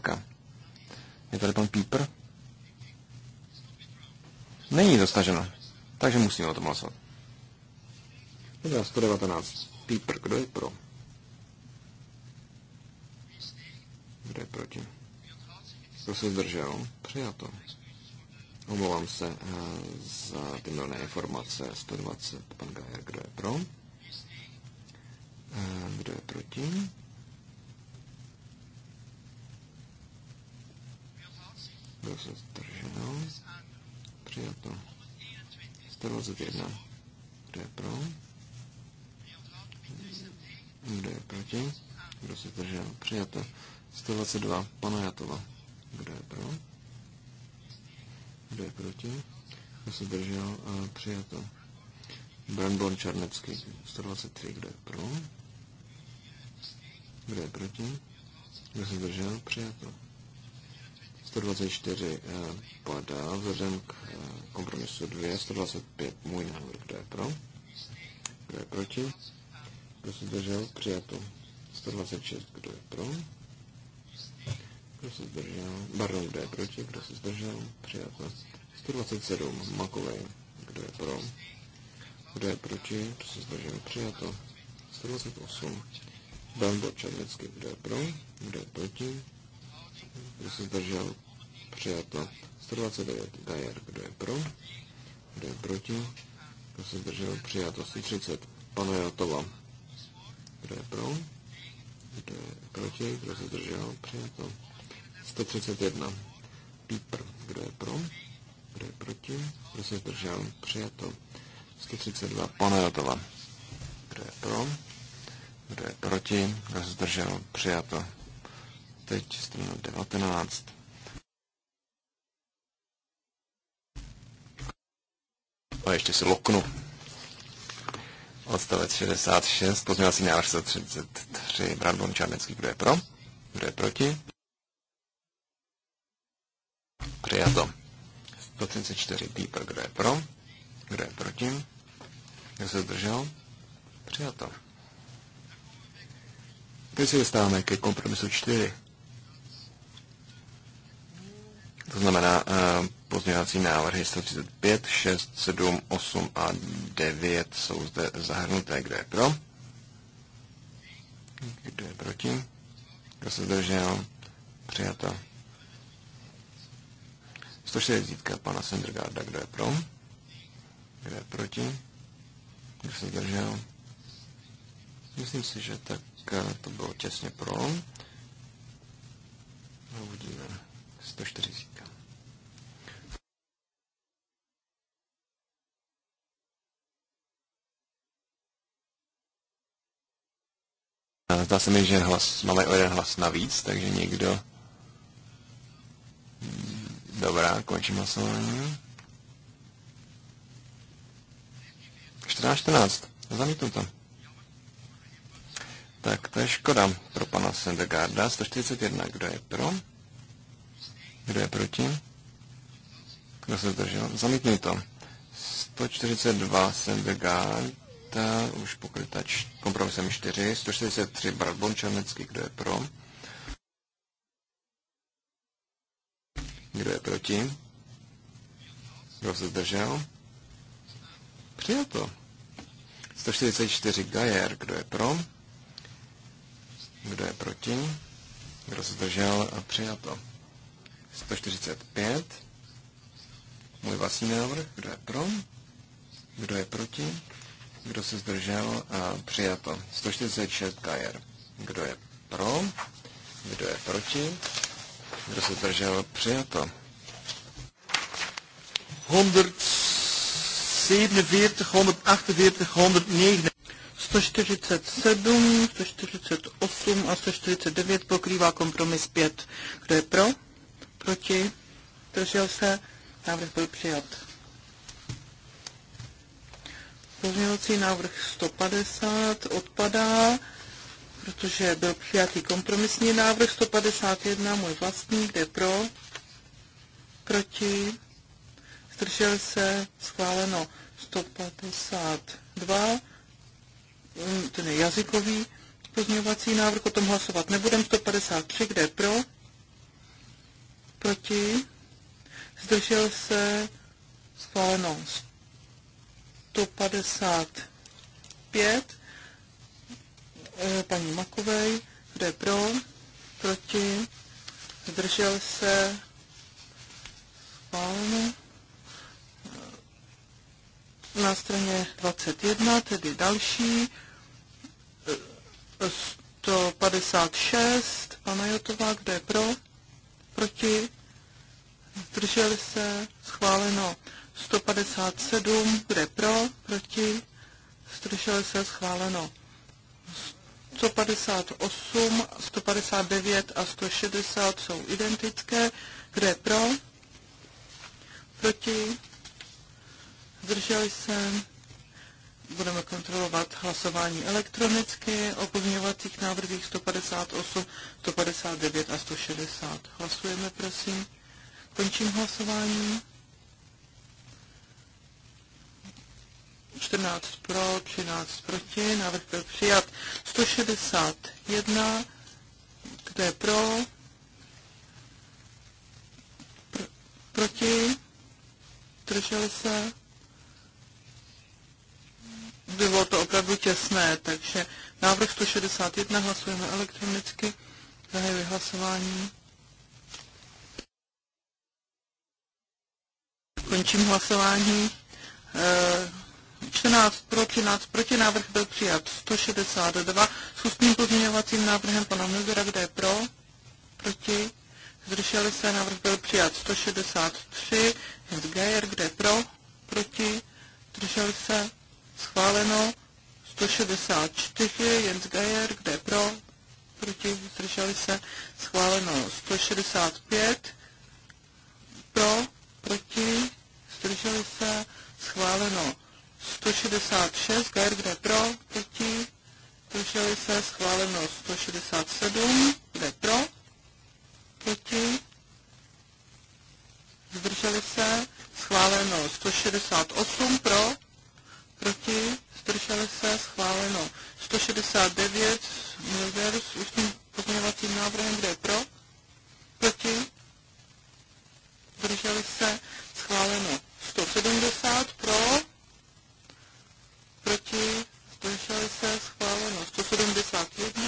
S1: Je tady pan Píper? Není to staženo, takže musíme o tom hlasovat. Dobrá, 119. Píper, kdo je pro? Kdo je proti? Kdo se zdržel? Přijato. Omlouvám se eh, za ty milné informace. 120, pan Gajer, kdo je pro? Eh, kdo je proti? Kdo se zdrženo. Přijato. 121. Kdo je pro? Kdo je proti? Kdo se zdržel? Přijato. 122. Pana Jatova. Kdo je pro? Kdo je proti? Kdo se zdržel? Přijato. Brandborn Čarnecký 123. Kdo je pro? Kdo je proti? Kdo se držel, Přijato. 124 eh, padá vzhledem k eh, kompromisu 2. 125 můj návrh. Kdo je pro? Kdo je proti? Kdo se držel, Přijato. 126. Kdo je pro? Kdo se zdržel? Barnou D proti? Kdo se zdržel? Přijato. 127. Makovej. Kdo je pro? Kdo je proti? Kdo se zdržel? Přijato. 128. Bambo Černecký. Kdo je pro? Kdo je proti? Kdo se zdržel? Přijato. 129. Gajer. Kdo je pro? Kdo je proti? Kdo se zdržel? Přijato. 130. Panajotova. Kdo je pro? Kdo je proti? Kdo se zdržel? Přijato. 131. Pípr. Kdo je pro? Kdo je proti? Kdo se zdržel? Přijato. 132. Panajotova. Kdo je pro? Kdo je proti? Kdo se zdržel? Přijato. Teď strana 19. A ještě si loknu. Odstavec 66, pozměňovací návrh 133, Brandon Čarnecký, kdo je pro? Kdo je proti? Přijato. 134 Týpr, kdo je pro? Kdo je proti? Kdo se zdržel? Přijato. Teď se dostáváme ke kompromisu 4. To znamená uh, pozměňovací návrhy 135, 6, 7, 8 a 9 jsou zde zahrnuté. Kdo je pro? Kdo je proti? Kdo se zdržel? Přijato. 160 pana Sendergarda, kdo je pro? Kdo je proti? Kdo se zdržel? Myslím si, že tak eh, to bylo těsně pro. A no, uvidíme 140. Eh, zdá se mi, že hlas, máme o jeden hlas navíc, takže někdo Dobrá, končím hlasování. 14, 14. to. Tak to je škoda pro pana Sendegarda. 141. Kdo je pro? Kdo je proti? Kdo se zdržel? to. 142 Sendegarda, už pokryta kompromisem 4. 143 Barbon Černecký. Kdo je pro? Kdo je proti? Kdo se zdržel? Přijato. 144 Gajer. Kdo je pro? Kdo je proti? Kdo se zdržel? A přijato. 145. Můj vlastní návrh. Kdo je pro? Kdo je proti? Kdo se zdržel? A přijato. 146 Gajer. Kdo je pro? Kdo je proti? Kdo se držel Přijato.
S3: 147, 148, 149. 147, 148 a 149 pokrývá kompromis 5. Kdo je pro? Proti? Držel se? Návrh byl přijat. Pozměňovací návrh 150 odpadá protože byl přijatý kompromisní návrh 151, můj vlastní, kde pro, proti, zdržel se, schváleno 152, mm, ten je jazykový pozměňovací návrh, o tom hlasovat nebudem, 153, kde pro, proti, zdržel se, schváleno 155, Eh, paní Makovej, kdo je pro, proti, zdržel se, schváleno. Eh, na straně 21, tedy další, 156, eh, pana Jotová, kdo je pro, proti, zdrželi se, schváleno 157, kde pro, proti, zdrželi se, schváleno 158, 159 a 160 jsou identické. Kde je pro? Proti? Zdrželi se? Budeme kontrolovat hlasování elektronicky o pozměňovacích návrzích 158, 159 a 160. Hlasujeme, prosím. Končím hlasování. 14 pro, 13 proti, návrh byl přijat. 161, kdo je pro, pr- proti, drželi se. Bylo to opravdu těsné, takže návrh 161 hlasujeme elektronicky. Zahajuji hlasování. Končím hlasování. Eh, 14 pro, 13 proti, návrh byl přijat 162 s ústním pozměňovacím návrhem pana Mildera, kde je pro, proti, zdrželi se, návrh byl přijat 163, Jens Geier, kde je pro, proti, zdrželi se, schváleno 164, Jens Geier, kde je pro, proti, zdrželi se, schváleno 165, pro, proti, zdrželi se, schváleno 166, Gajer, kde pro, proti, zdrželi se, schváleno 167, kde pro, proti, zdrželi se, schváleno 168, pro, proti, zdrželi se, schváleno 169, Milder s ústním pozměňovacím návrhem, kde pro, proti, zdrželi se, schváleno 170, pro, států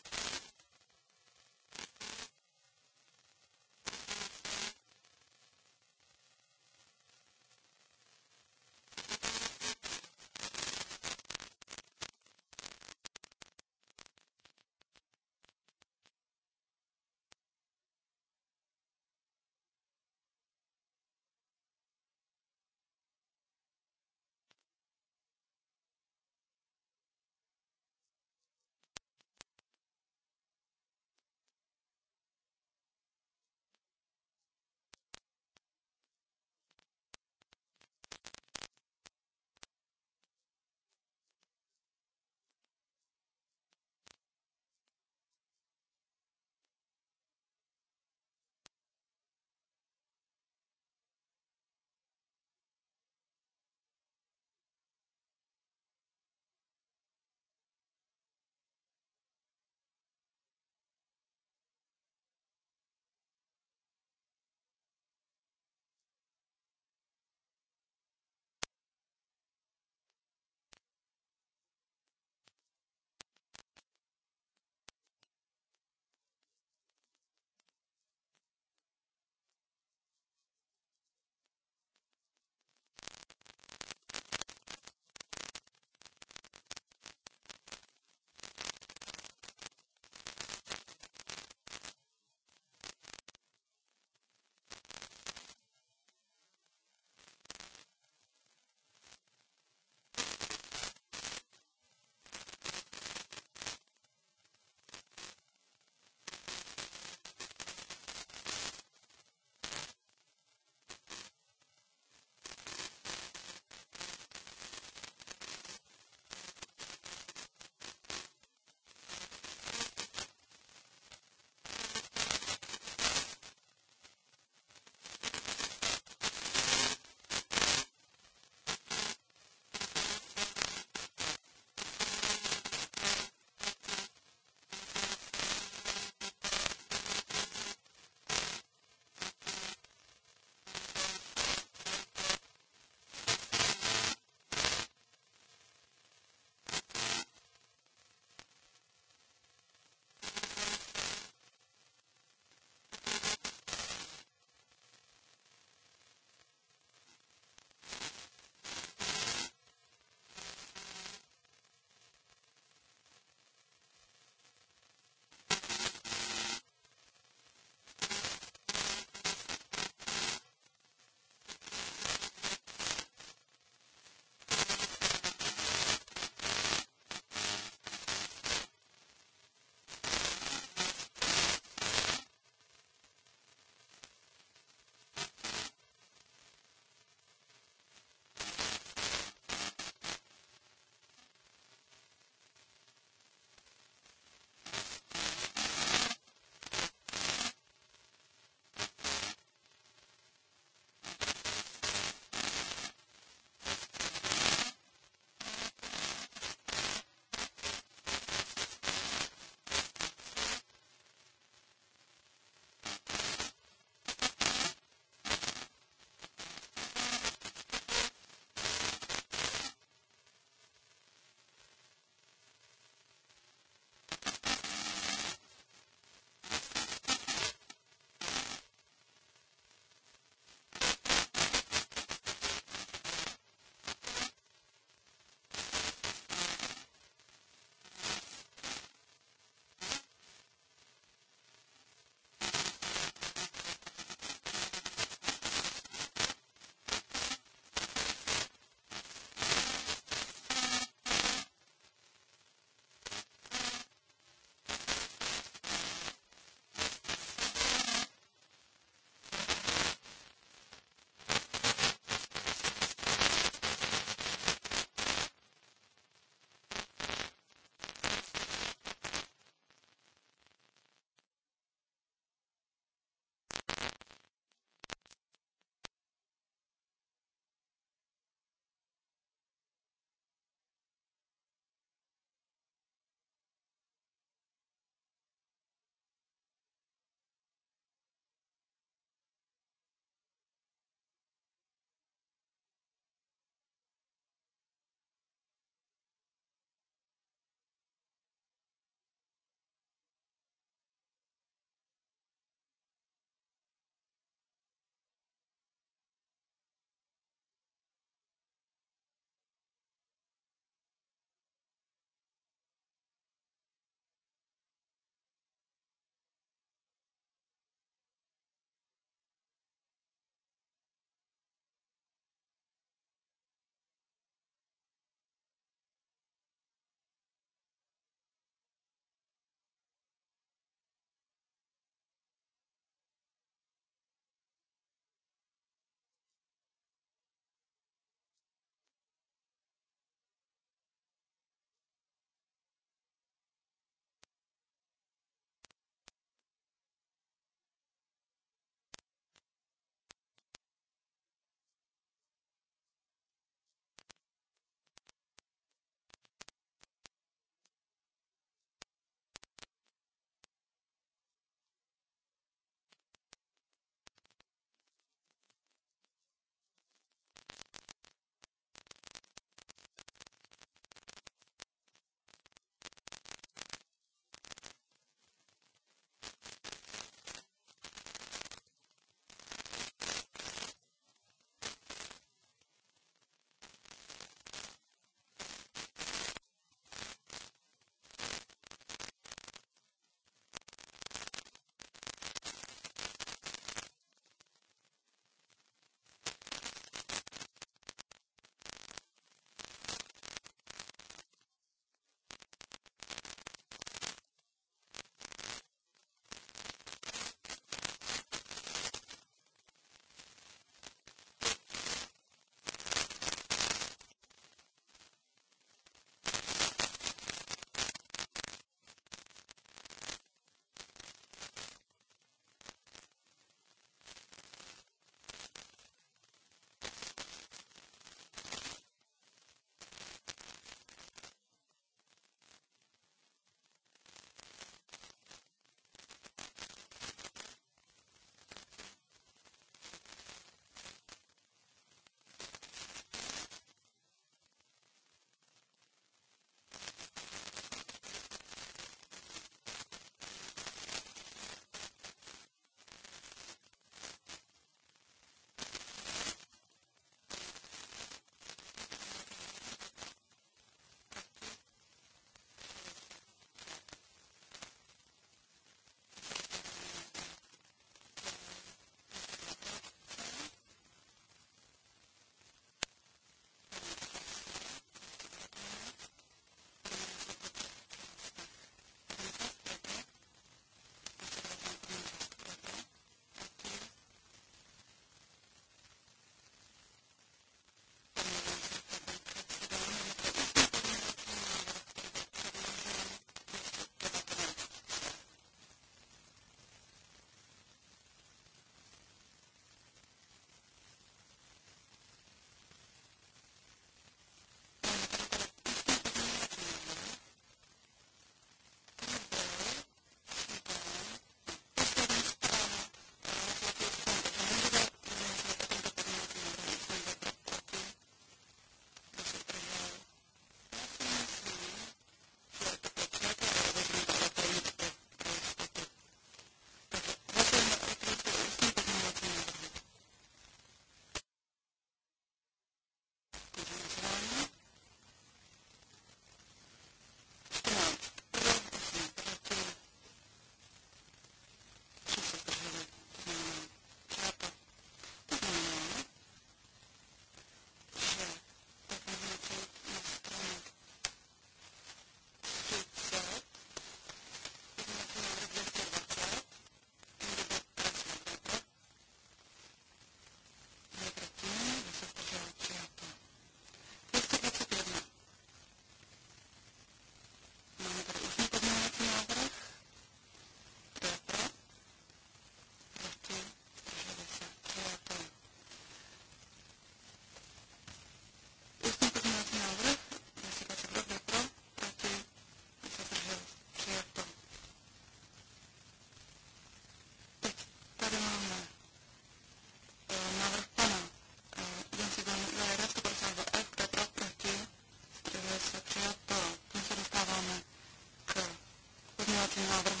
S3: návrhu.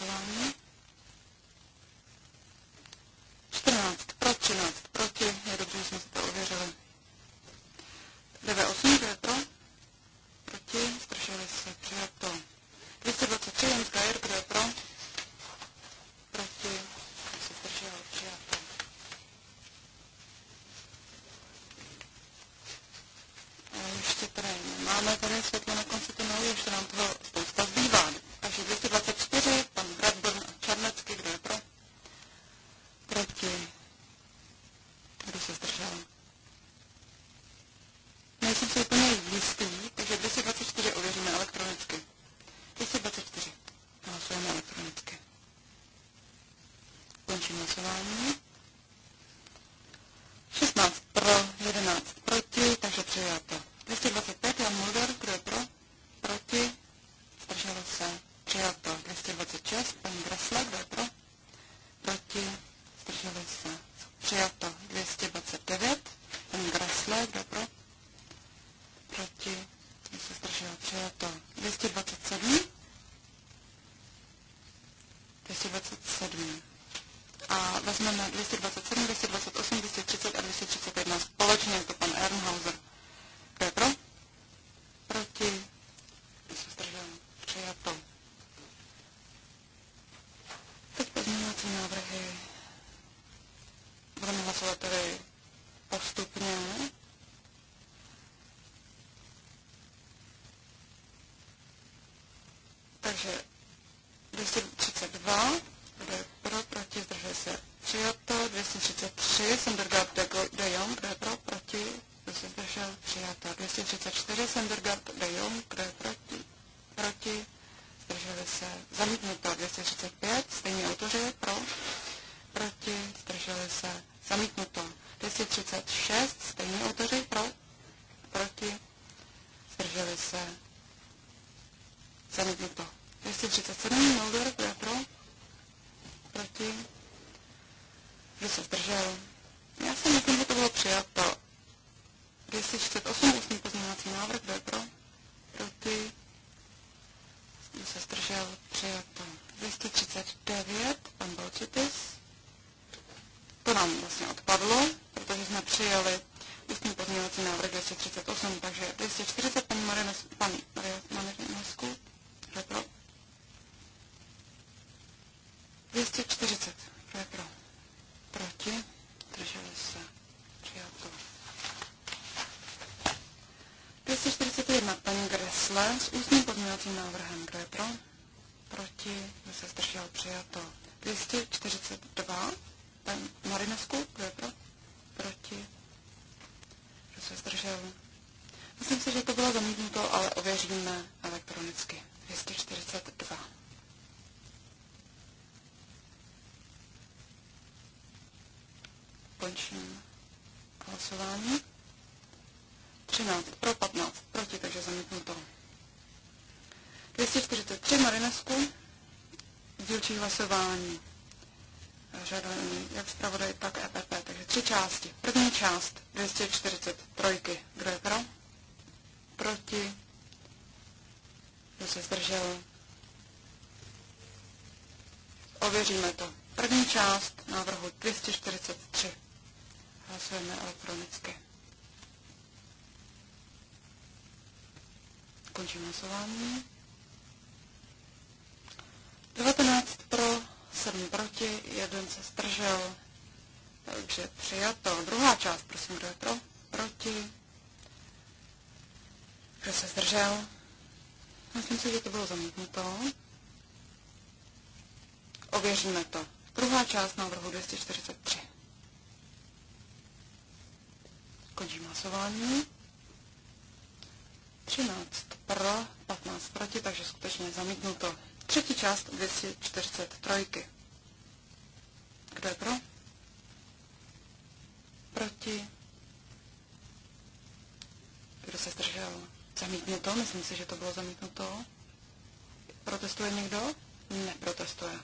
S3: hlasování.
S4: Takže 232, kdo je
S2: pro, proti, zdrželi se přijato. 233, Sendergaard de, de Jong, kdo je pro, proti, kdo se zdržel, přijato. 234, Sendergaard de Jong, kdo 242. Pan Marinesku, kdo je pro? Proti. Kdo se zdržel? Myslím si, že to bylo zamítnuto, ale ověříme elektronicky. 242.
S4: Končím
S2: hlasování. 13 pro, 15 proti, takže zamítnuto. 243 Marinesku dílčí hlasování. Žádají jak zpravodaj, tak EPP. Takže tři části. První část 243. Kdo je pro? Proti? Kdo se zdržel? Ověříme to. První část návrhu 243. Hlasujeme elektronicky. Končím hlasování. 19 pro, 7 proti, 1 se stržel, Takže přijato. Druhá část, prosím, kdo je pro, proti. Kdo se zdržel? Myslím si, že to bylo zamítnuto. Ověříme to. Druhá část návrhu 243. Končím hlasování. 13 pro, 15 proti, takže skutečně zamítnuto. Třetí část 243. Kdo je pro? Proti? Kdo se zdržel? Zamítnuto? Myslím si, že to bylo zamítnuto. Protestuje někdo? Neprotestuje.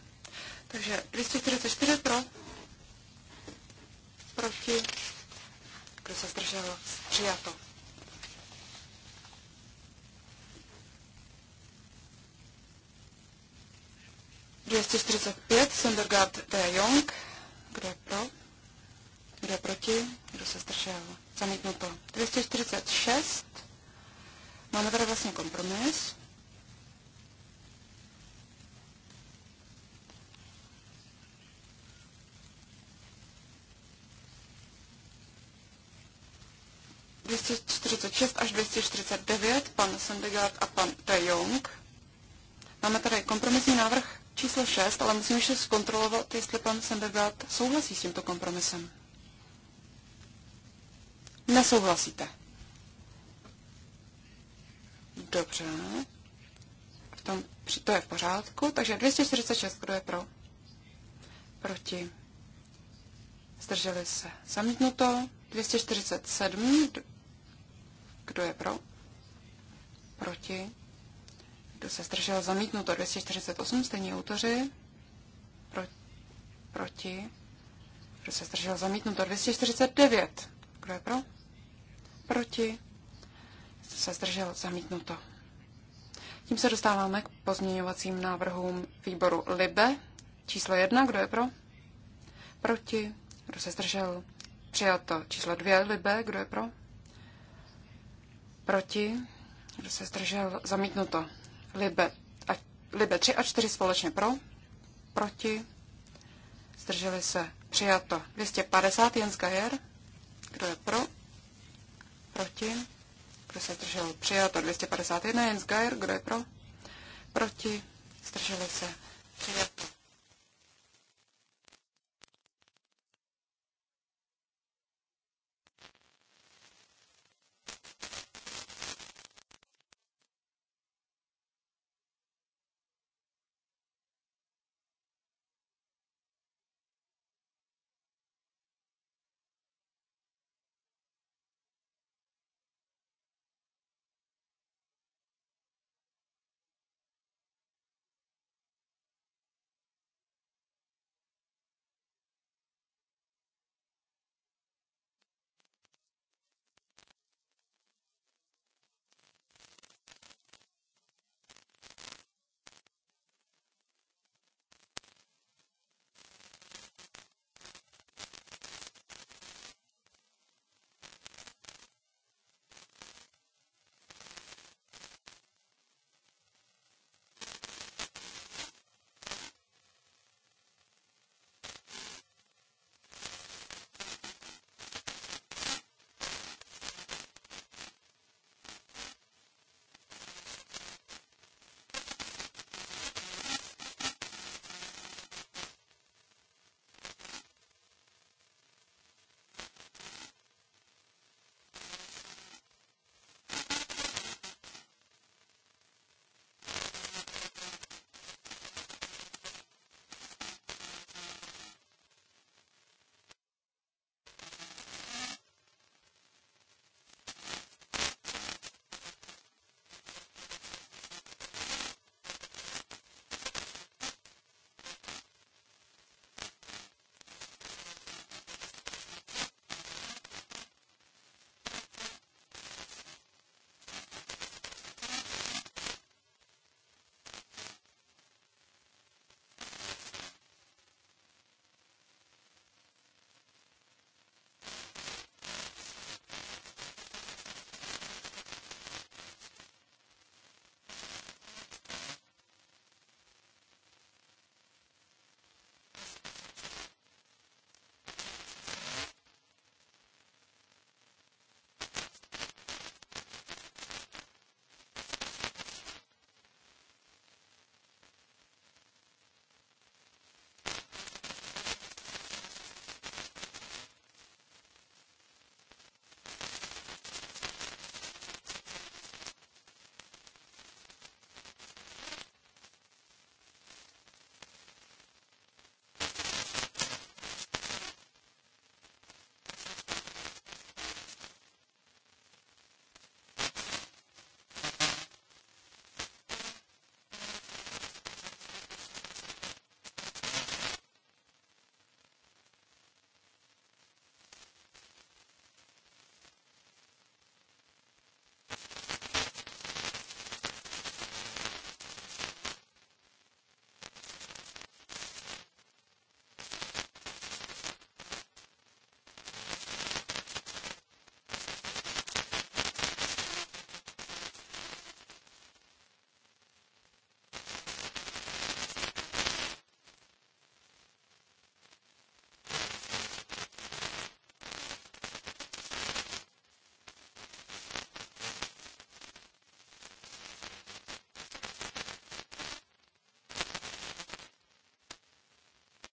S2: Takže 244 pro, proti, kdo se zdržel, přijato. 245, Sundergaard de Jong. Kdo je pro? Kdo je proti? Kdo se zdržel? Zamítnuto. 246. Máme tady vlastně kompromis. až 249, pan Sandegard a pan De Jong. Máme tady kompromisní návrh číslo 6, ale musím ještě zkontrolovat, jestli pan Sendergaard souhlasí s tímto kompromisem. Nesouhlasíte. Dobře. V tom, to je v pořádku. Takže 246, kdo je pro? Proti. Zdrželi se. Zamítnuto. 247, kdo je pro? Proti. Kdo se zdržel? Zamítnuto. 248. Stejní autoři. Pro, proti. Kdo se zdržel? Zamítnuto. 249. Kdo je pro? Proti. Kdo se zdržel? Zamítnuto. Tím se dostáváme k pozměňovacím návrhům výboru LIBE. Číslo 1. Kdo je pro? Proti. Kdo se zdržel? Přijato. Číslo 2. Libe. Kdo je pro? Proti. Kdo se zdržel? Zamítnuto. Libe, a, Libe 3 a 4 společně pro, proti, zdrželi se, přijato. 250 Jens Gajer, kdo je pro, proti, kdo se zdržel, přijato. 251 Jens Gajer, kdo je pro,
S4: proti, zdrželi se, přijato.